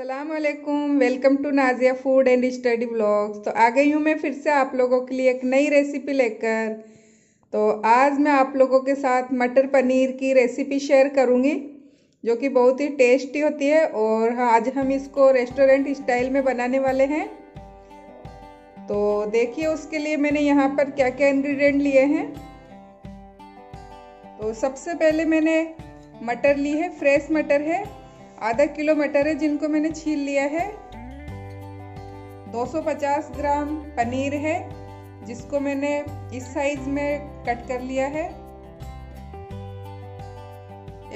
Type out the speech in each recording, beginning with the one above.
Aslam welcome to Nazia food and study blogs तो आ गई हूँ मैं फिर से आप लोगों के लिए एक नई रेसिपी लेकर तो आज मैं आप लोगों के साथ मटर पनीर की रेसिपी शेयर करूँगी जो कि बहुत ही टेस्टी होती है और हाँ, आज हम इसको रेस्टोरेंट स्टाइल में बनाने वाले हैं तो देखिए उसके लिए मैंने यहाँ पर क्या क्या इन्ग्रीडियंट लिए हैं तो सबसे पहले मैंने मटर ली है फ्रेश मटर है आधा किलो मटर है जिनको मैंने छील लिया है 250 ग्राम पनीर है जिसको मैंने इस साइज में कट कर लिया है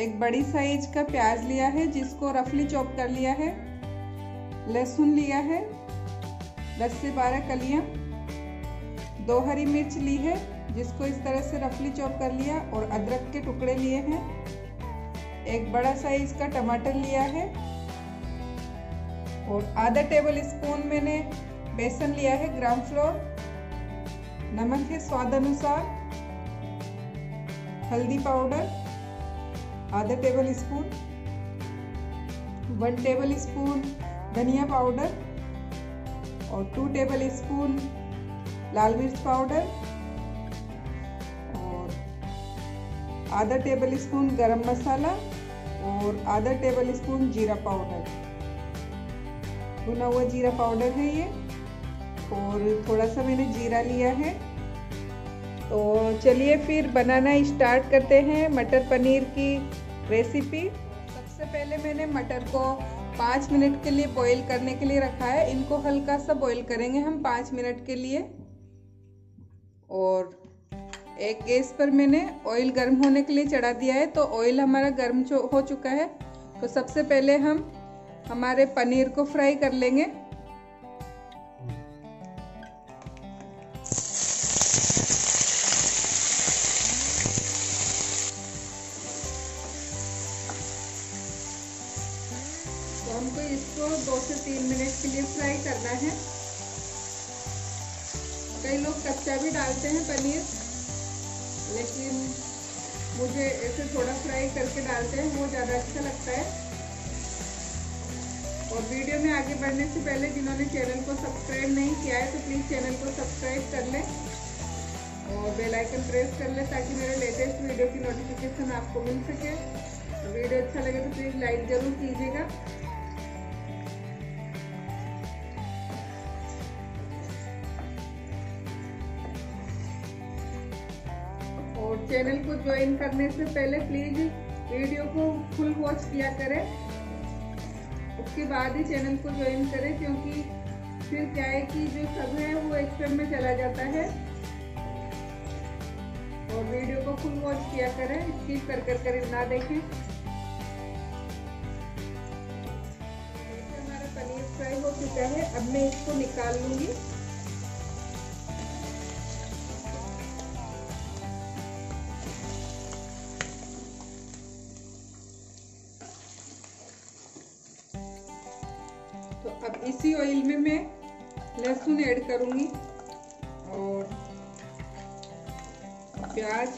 एक बड़ी साइज का प्याज लिया है जिसको रफली चॉप कर लिया है लहसुन लिया है 10 से 12 कलियां दो हरी मिर्च ली है जिसको इस तरह से रफली चॉप कर लिया और अदरक के टुकड़े लिए हैं एक बड़ा साइज का टमाटर लिया है और आधा टेबल स्पून मैंने बेसन लिया है ग्राम फ्लोर नमक है स्वाद अनुसार हल्दी पाउडर आधा tablespoon one tablespoon धनिया पाउडर और टू टेबल स्पून लाल मिर्च पाउडर और आधा टेबल स्पून गरम मसाला और आधा टेबल स्पून जीरा पाउडर भुना हुआ जीरा पाउडर है ये और थोड़ा सा मैंने जीरा लिया है तो चलिए फिर बनाना स्टार्ट करते हैं मटर पनीर की रेसिपी सबसे पहले मैंने मटर को पाँच मिनट के लिए बॉईल करने के लिए रखा है इनको हल्का सा बॉईल करेंगे हम पाँच मिनट के लिए और एक गैस पर मैंने ऑयल गर्म होने के लिए चढ़ा दिया है तो ऑयल हमारा गर्म हो चुका है तो सबसे पहले हम हमारे पनीर को फ्राई कर लेंगे तो हमको इसको दो से तीन मिनट के लिए फ्राई करना है कई लोग कच्चा भी डालते हैं पनीर लेकिन मुझे ऐसे थोड़ा फ्राई करके डालते हैं वो ज़्यादा अच्छा लगता है और वीडियो में आगे बढ़ने से पहले जिन्होंने चैनल को सब्सक्राइब नहीं किया है तो प्लीज़ चैनल को सब्सक्राइब कर लें और बेल आइकन प्रेस कर लें ताकि मेरे लेटेस्ट वीडियो की नोटिफिकेशन आपको मिल सके वीडियो तो अच्छा लगे तो प्लीज़ लाइक ज़रूर कीजिएगा और चैनल को ज्वाइन करने से पहले प्लीज वीडियो को फुल वॉच किया करें उसके बाद ही चैनल को ज्वाइन करें क्योंकि फिर क्या है कि जो सब है वो एक्सपेर में चला जाता है और वीडियो को फुल वॉच किया करें स्किप कर कर कर ना देखें हमारा पनीर फ्राई हो चुका है अब मैं इसको निकाल लूंगी तो अब इसी ऑयल में मैं लहसुन ऐड करूंगी और प्याज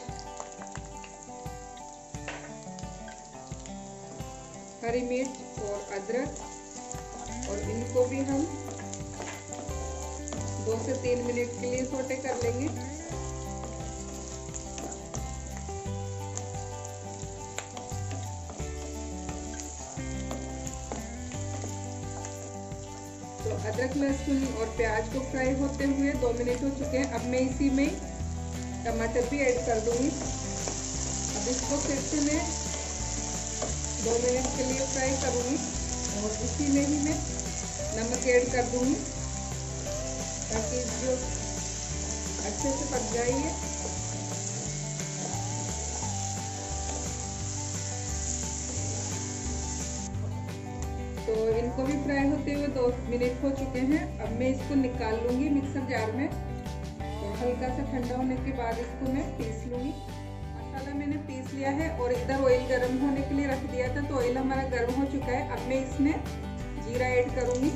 हरी मिर्च और अदरक और इनको भी हम दो से तीन मिनट के लिए सोटे कर लेंगे लहसुन और प्याज को फ्राई होते हुए दो मिनट हो चुके हैं अब मैं इसी में टमाटर भी ऐड कर दूंगी अब इसको फिर से मैं दो मिनट के लिए फ्राई करूंगी और इसी में ही मैं नमक ऐड कर दूंगी ताकि जो अच्छे से पक जाइए तो इनको भी फ्राई होते हुए मिनट हो चुके हैं अब मैं इसको निकाल लूंगी मिक्सर जार में और हल्का सा ठंडा होने के बाद इसको मैं पीस लूंगी मसाला मैंने पीस लिया है और इधर ऑयल गर्म होने के लिए रख दिया था तो ऑयल हमारा गर्म हो चुका है अब मैं इसमें जीरा ऐड करूंगी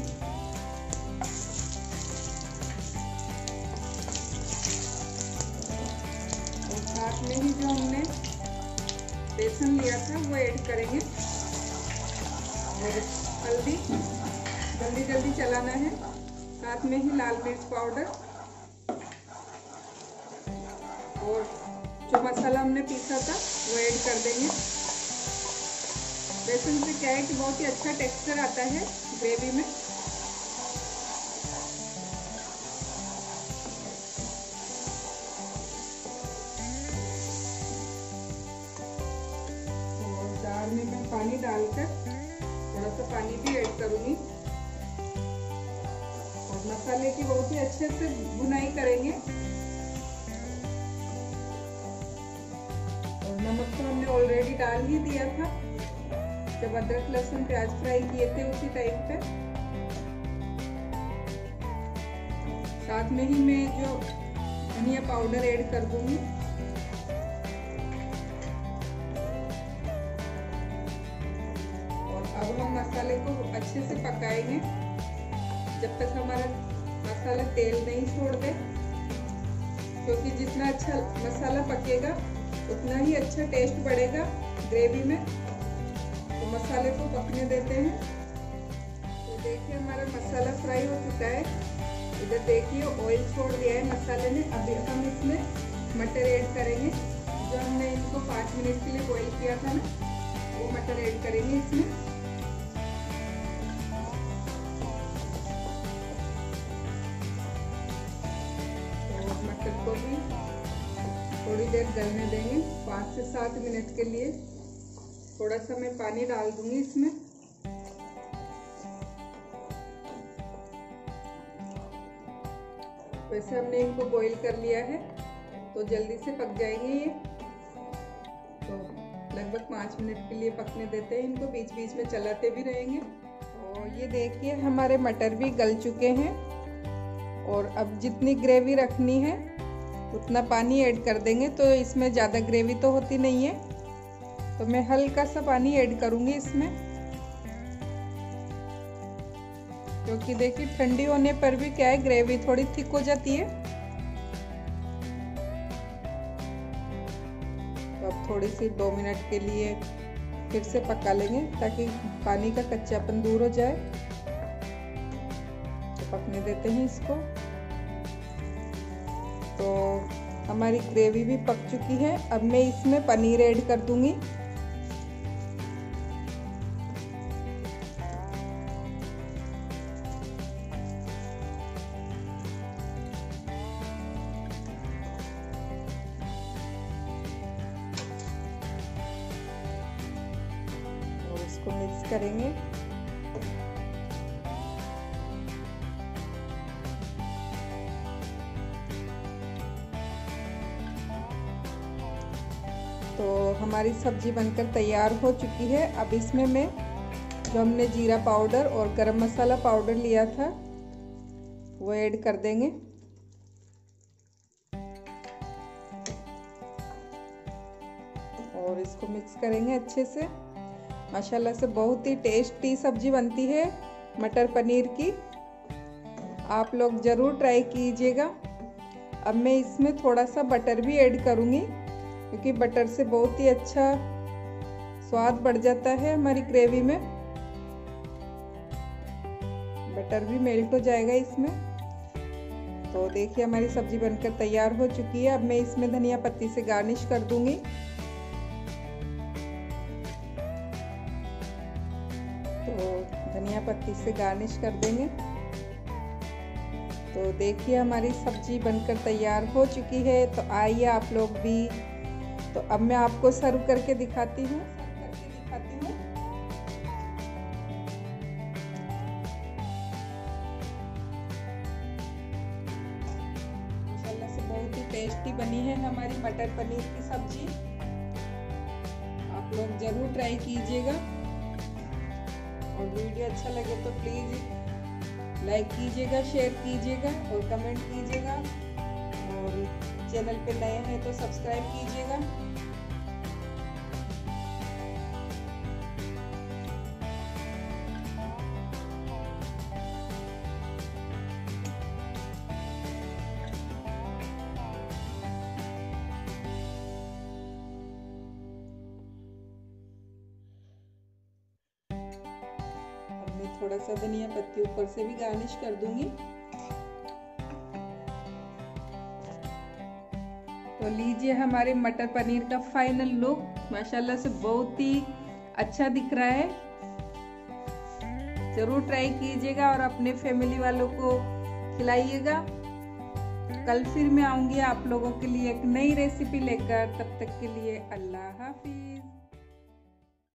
और साथ में ही जो हमने बेसन लिया था वो ऐड करेंगे और हल्दी जल्दी जल्दी चलाना है साथ में ही लाल मिर्च पाउडर और जो मसाला हमने पीसा था वो ऐड कर देंगे बेसन से क्या है कि बहुत ही अच्छा टेक्सचर आता है ग्रेवी में दाल में मैं पानी डालकर थोड़ा सा पानी भी ऐड करूंगी मसाले की बहुत ही अच्छे से बुनाई करेंगे और नमक तो हमने ऑलरेडी डाल ही दिया था जब अदरक लहसुन प्याज फ्राई किए थे उसी टाइम पे साथ में ही मैं जो धनिया पाउडर ऐड कर दूंगी अब हम मसाले को अच्छे से पकाएंगे जब तक हमारा मसाला तेल नहीं छोड़ दे क्योंकि जितना अच्छा मसाला पकेगा उतना ही अच्छा टेस्ट बढ़ेगा ग्रेवी में तो मसाले को पकने देते हैं तो देखिए हमारा मसाला फ्राई हो चुका है इधर देखिए ऑयल छोड़ दिया है मसाले ने अभी हम इसमें मटर ऐड करेंगे जो हमने इसको पाँच मिनट के लिए बॉईल किया था ना वो मटर ऐड करेंगे इसमें थोड़ी देर गलने देंगे पाँच से सात मिनट के लिए थोड़ा सा मैं पानी डाल दूंगी इसमें वैसे हमने इनको बॉईल कर लिया है तो जल्दी से पक जाएंगे ये तो लगभग पाँच मिनट के लिए पकने देते हैं इनको बीच बीच में चलाते भी रहेंगे और ये देखिए हमारे मटर भी गल चुके हैं और अब जितनी ग्रेवी रखनी है उतना पानी ऐड कर देंगे तो इसमें ज़्यादा ग्रेवी तो होती नहीं है तो मैं हल्का सा पानी ऐड करूँगी इसमें क्योंकि देखिए ठंडी होने पर भी क्या है ग्रेवी थोड़ी थिक हो जाती है तो अब थोड़ी सी दो मिनट के लिए फिर से पका लेंगे ताकि पानी का कच्चापन दूर हो जाए तो पकने देते हैं इसको तो हमारी ग्रेवी भी पक चुकी है अब मैं इसमें पनीर ऐड कर दूँगी तो हमारी सब्जी बनकर तैयार हो चुकी है अब इसमें मैं जो हमने जीरा पाउडर और गरम मसाला पाउडर लिया था वो ऐड कर देंगे और इसको मिक्स करेंगे अच्छे से माशाल्लाह से बहुत ही टेस्टी सब्जी बनती है मटर पनीर की आप लोग ज़रूर ट्राई कीजिएगा अब मैं इसमें थोड़ा सा बटर भी ऐड करूँगी क्योंकि बटर से बहुत ही अच्छा स्वाद बढ़ जाता है हमारी ग्रेवी में बटर भी मेल्ट हो जाएगा इसमें तो देखिए हमारी सब्जी बनकर तैयार हो चुकी है अब मैं इसमें धनिया पत्ती से गार्निश कर दूंगी तो धनिया पत्ती से गार्निश कर देंगे तो देखिए हमारी सब्जी बनकर तैयार हो चुकी है तो आइए आप लोग भी तो अब मैं आपको सर्व करके दिखाती हूँ टेस्टी बनी है हमारी मटर पनीर की सब्जी आप लोग जरूर ट्राई कीजिएगा और वीडियो अच्छा लगे तो प्लीज़ लाइक कीजिएगा शेयर कीजिएगा और कमेंट कीजिएगा और चैनल पे नए हैं तो सब्सक्राइब कीजिएगा थोड़ा सा धनिया पत्ती ऊपर से भी गार्निश कर दूंगी तो लीजिए हमारे मटर पनीर का फाइनल लुक माशाल्लाह से बहुत ही अच्छा दिख रहा है जरूर ट्राई कीजिएगा और अपने फैमिली वालों को खिलाइएगा कल फिर मैं आऊंगी आप लोगों के लिए एक नई रेसिपी लेकर तब तक के लिए अल्लाह हाफिज